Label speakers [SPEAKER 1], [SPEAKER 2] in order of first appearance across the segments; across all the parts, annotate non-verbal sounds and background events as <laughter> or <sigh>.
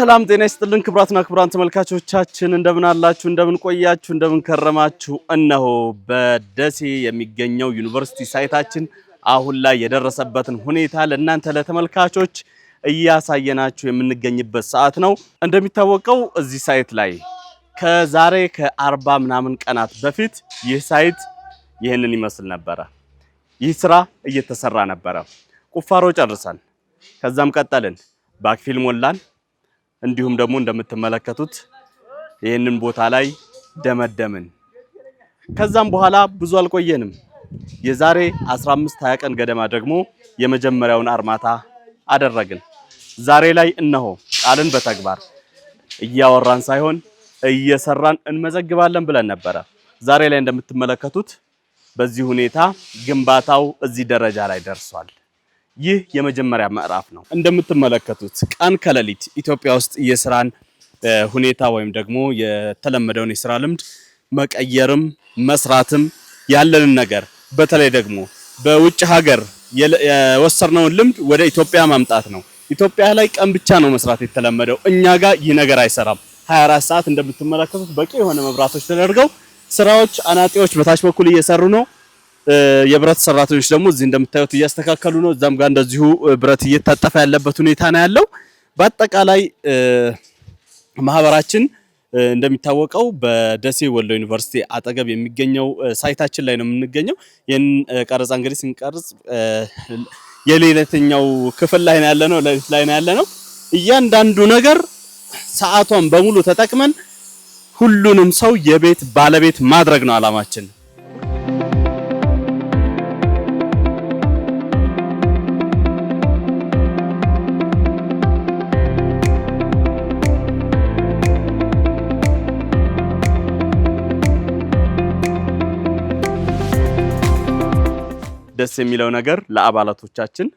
[SPEAKER 1] ሰላም ጤና ይስጥልን ክብራትና ክብራን ተመልካቾቻችን እንደምን አላችሁ? እንደምን ቆያችሁ? እንደምን ከረማችሁ? እነሆ በደሴ የሚገኘው ዩኒቨርሲቲ ሳይታችን አሁን ላይ የደረሰበትን ሁኔታ ለእናንተ ለተመልካቾች እያሳየናችሁ የምንገኝበት ሰዓት ነው። እንደሚታወቀው እዚህ ሳይት ላይ ከዛሬ ከአርባ ምናምን ቀናት በፊት ይህ ሳይት ይህንን ይመስል ነበረ። ይህ ስራ እየተሰራ ነበረ። ቁፋሮ ጨርሰን ከዛም ቀጠልን፣ ባክፊል ሞላን እንዲሁም ደግሞ እንደምትመለከቱት ይህንን ቦታ ላይ ደመደምን። ከዛም በኋላ ብዙ አልቆየንም። የዛሬ 15 20 ቀን ገደማ ደግሞ የመጀመሪያውን አርማታ አደረግን። ዛሬ ላይ እነሆ ቃልን በተግባር እያወራን ሳይሆን እየሰራን እንመዘግባለን ብለን ነበረ። ዛሬ ላይ እንደምትመለከቱት በዚህ ሁኔታ ግንባታው እዚህ ደረጃ ላይ ደርሷል። ይህ የመጀመሪያ ምዕራፍ ነው። እንደምትመለከቱት ቀን ከሌሊት ኢትዮጵያ ውስጥ የስራን ሁኔታ ወይም ደግሞ የተለመደውን የስራ ልምድ መቀየርም መስራትም ያለንን ነገር በተለይ ደግሞ በውጭ ሀገር የወሰድነውን ልምድ ወደ ኢትዮጵያ ማምጣት ነው። ኢትዮጵያ ላይ ቀን ብቻ ነው መስራት የተለመደው። እኛ ጋር ይህ ነገር አይሰራም። 24 ሰዓት እንደምትመለከቱት በቂ የሆነ መብራቶች ተደርገው ስራዎች አናጢዎች በታች በኩል እየሰሩ ነው። የብረት ሰራተኞች ደግሞ እዚህ እንደምታዩት እያስተካከሉ ነው። እዛም ጋር እንደዚሁ ብረት እየታጠፈ ያለበት ሁኔታ ነው ያለው። በአጠቃላይ ማህበራችን እንደሚታወቀው በደሴ ወሎ ዩኒቨርሲቲ አጠገብ የሚገኘው ሳይታችን ላይ ነው የምንገኘው። ይህን ቀረጻ እንግዲህ ስንቀርጽ የሌለተኛው ክፍል ላይ ነው ያለ ነው ሌሊት ላይ ነው ያለ ነው። እያንዳንዱ ነገር ሰዓቷን በሙሉ ተጠቅመን ሁሉንም ሰው የቤት ባለቤት ማድረግ ነው አላማችን። ደስ የሚለው ነገር ለአባላቶቻችን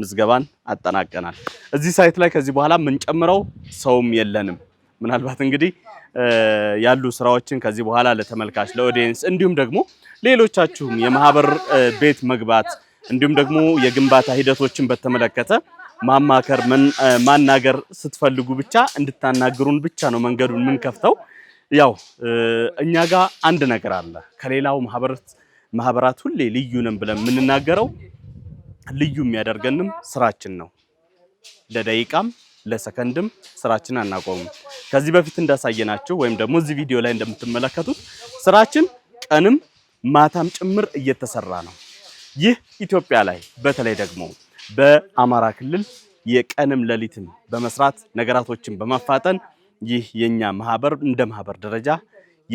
[SPEAKER 1] ምዝገባን አጠናቀናል። እዚህ ሳይት ላይ ከዚህ በኋላ የምንጨምረው ሰውም የለንም። ምናልባት እንግዲህ ያሉ ስራዎችን ከዚህ በኋላ ለተመልካች ለኦዲየንስ፣ እንዲሁም ደግሞ ሌሎቻችሁም የማህበር ቤት መግባት እንዲሁም ደግሞ የግንባታ ሂደቶችን በተመለከተ ማማከር ማናገር ስትፈልጉ ብቻ እንድታናግሩን ብቻ ነው መንገዱን የምንከፍተው። ያው እኛ ጋር አንድ ነገር አለ ከሌላው ማህበር ማህበራት ሁሌ ልዩ ነን ብለን የምንናገረው ልዩ የሚያደርገንም ስራችን ነው። ለደቂቃም ለሰከንድም ስራችን አናቆምም። ከዚህ በፊት እንዳሳየናችሁ ወይም ደግሞ እዚህ ቪዲዮ ላይ እንደምትመለከቱት ስራችን ቀንም ማታም ጭምር እየተሰራ ነው። ይህ ኢትዮጵያ ላይ በተለይ ደግሞ በአማራ ክልል የቀንም ሌሊትም በመስራት ነገራቶችን በማፋጠን ይህ የኛ ማህበር እንደ ማህበር ደረጃ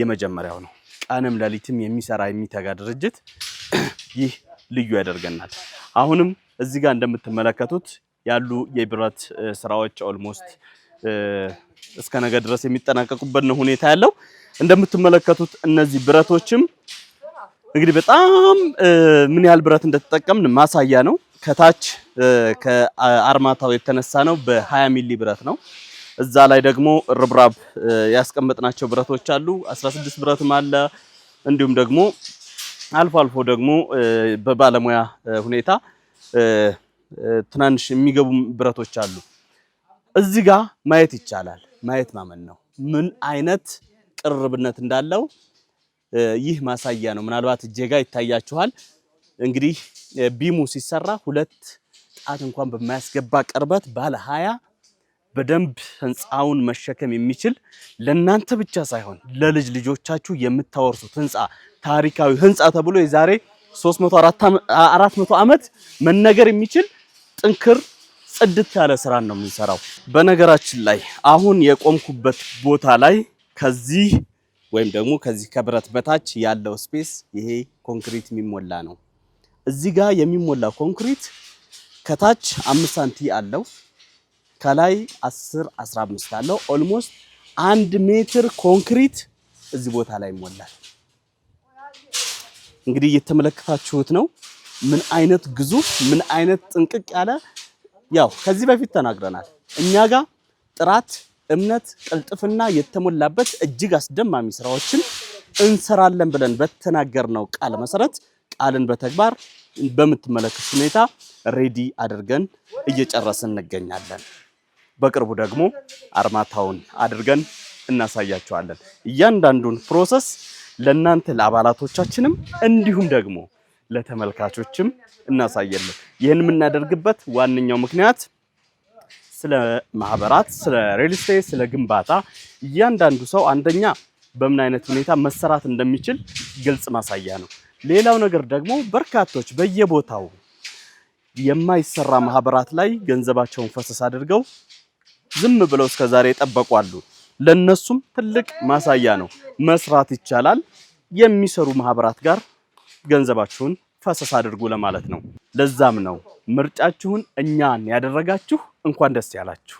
[SPEAKER 1] የመጀመሪያው ነው። ቀንም ሌሊትም የሚሰራ የሚተጋ ድርጅት <clears throat> ይህ ልዩ ያደርገናል። አሁንም እዚህ ጋር እንደምትመለከቱት ያሉ የብረት ስራዎች ኦልሞስት <clears throat> እስከ ነገ ድረስ የሚጠናቀቁበት ነው ሁኔታ ያለው። እንደምትመለከቱት እነዚህ ብረቶችም እንግዲህ በጣም ምን ያህል ብረት እንደተጠቀምን ማሳያ ነው። ከታች ከአርማታው የተነሳ ነው። በ20 ሚሊ ብረት ነው። እዛ ላይ ደግሞ ርብራብ ያስቀመጥናቸው ብረቶች አሉ። 16 ብረትም አለ። እንዲሁም ደግሞ አልፎ አልፎ ደግሞ በባለሙያ ሁኔታ ትናንሽ የሚገቡ ብረቶች አሉ። እዚህ ጋር ማየት ይቻላል። ማየት ማመን ነው። ምን አይነት ቅርብነት እንዳለው ይህ ማሳያ ነው። ምናልባት እጄ ጋር ይታያችኋል። እንግዲህ ቢሙ ሲሰራ ሁለት ጣት እንኳን በማያስገባ ቅርበት ባለ ሀያ በደንብ ህንፃውን መሸከም የሚችል ለእናንተ ብቻ ሳይሆን ለልጅ ልጆቻችሁ የምታወርሱት ህንፃ ታሪካዊ ህንፃ ተብሎ የዛሬ 3400 ዓመት መነገር የሚችል ጥንክር ጽድት ያለ ስራን ነው የምንሰራው። በነገራችን ላይ አሁን የቆምኩበት ቦታ ላይ ከዚህ ወይም ደግሞ ከዚህ ከብረት በታች ያለው ስፔስ ይሄ ኮንክሪት የሚሞላ ነው። እዚህ ጋር የሚሞላ ኮንክሪት ከታች አምስት ሳንቲ አለው ከላይ 10 15 አለው። ኦልሞስት አንድ ሜትር ኮንክሪት እዚህ ቦታ ላይ ይሞላል። እንግዲህ እየተመለከታችሁት ነው። ምን አይነት ግዙፍ ምን አይነት ጥንቅቅ ያለ ያው ከዚህ በፊት ተናግረናል። እኛ ጋር ጥራት፣ እምነት፣ ቅልጥፍና የተሞላበት እጅግ አስደማሚ ስራዎችን እንሰራለን ብለን በተናገርነው ቃል መሰረት ቃልን በተግባር በምትመለከቱት ሁኔታ ሬዲ አድርገን እየጨረስን እንገኛለን። በቅርቡ ደግሞ አርማታውን አድርገን እናሳያቸዋለን። እያንዳንዱን ፕሮሰስ ለእናንተ ለአባላቶቻችንም እንዲሁም ደግሞ ለተመልካቾችም እናሳያለን። ይህን የምናደርግበት ዋነኛው ምክንያት ስለ ማህበራት፣ ስለ ሪል ስቴት፣ ስለ ግንባታ እያንዳንዱ ሰው አንደኛ በምን አይነት ሁኔታ መሰራት እንደሚችል ግልጽ ማሳያ ነው። ሌላው ነገር ደግሞ በርካቶች በየቦታው የማይሰራ ማህበራት ላይ ገንዘባቸውን ፈሰስ አድርገው ዝም ብለው እስከዛሬ አሉ። ለነሱም ትልቅ ማሳያ ነው። መስራት ይቻላል። የሚሰሩ ማህበራት ጋር ገንዘባችሁን ፈሰስ አድርጉ ለማለት ነው። ለዛም ነው ምርጫችሁን እኛን ያደረጋችሁ እንኳን ደስ ያላችሁ።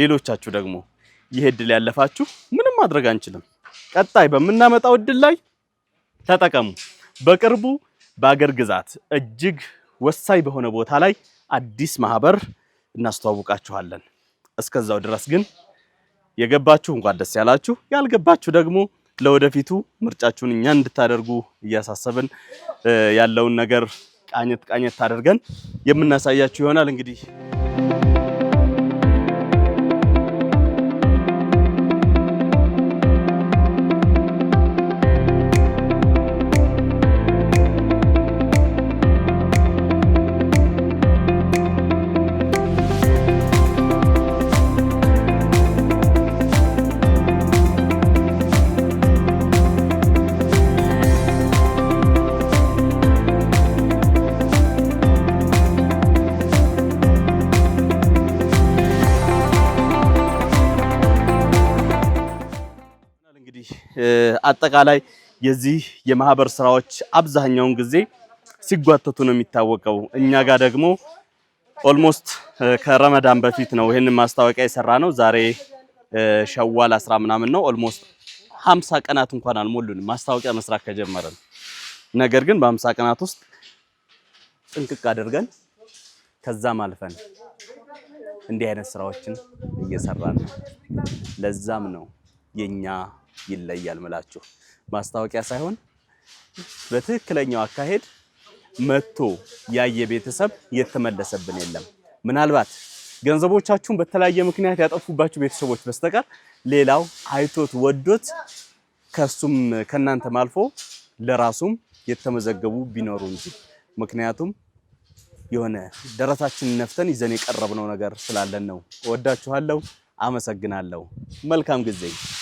[SPEAKER 1] ሌሎቻችሁ ደግሞ ይህ እድል ያለፋችሁ ምንም ማድረግ አንችልም። ቀጣይ በምናመጣው እድል ላይ ተጠቀሙ። በቅርቡ በአገር ግዛት እጅግ ወሳኝ በሆነ ቦታ ላይ አዲስ ማህበር እናስተዋውቃችኋለን። እስከዛው ድረስ ግን የገባችሁ እንኳን ደስ ያላችሁ፣ ያልገባችሁ ደግሞ ለወደፊቱ ምርጫችሁን እኛ እንድታደርጉ እያሳሰብን ያለውን ነገር ቃኘት ቃኘት አድርገን የምናሳያችሁ ይሆናል እንግዲህ እንግዲህ አጠቃላይ የዚህ የማህበር ስራዎች አብዛኛውን ጊዜ ሲጓተቱ ነው የሚታወቀው። እኛ ጋር ደግሞ ኦልሞስት ከረመዳን በፊት ነው ይህንን ማስታወቂያ የሰራ ነው። ዛሬ ሸዋል አስራ ምናምን ነው። ኦልሞስት ሀምሳ ቀናት እንኳን አልሞሉንም ማስታወቂያ መስራት ከጀመረን። ነገር ግን በሀምሳ ቀናት ውስጥ ጥንቅቅ አድርገን ከዛም አልፈን እንዲህ አይነት ስራዎችን እየሰራን ነው። ለዛም ነው የኛ ይለያል ምላችሁ ማስታወቂያ ሳይሆን በትክክለኛው አካሄድ መጥቶ ያየ ቤተሰብ የተመለሰብን የለም። ምናልባት ገንዘቦቻችሁን በተለያየ ምክንያት ያጠፉባችሁ ቤተሰቦች በስተቀር ሌላው አይቶት ወዶት ከሱም ከእናንተም አልፎ ለራሱም የተመዘገቡ ቢኖሩ እንጂ ምክንያቱም የሆነ ደረታችንን ነፍተን ይዘን የቀረብነው ነገር ስላለን ነው። እወዳችኋለሁ። አመሰግናለሁ። መልካም ጊዜ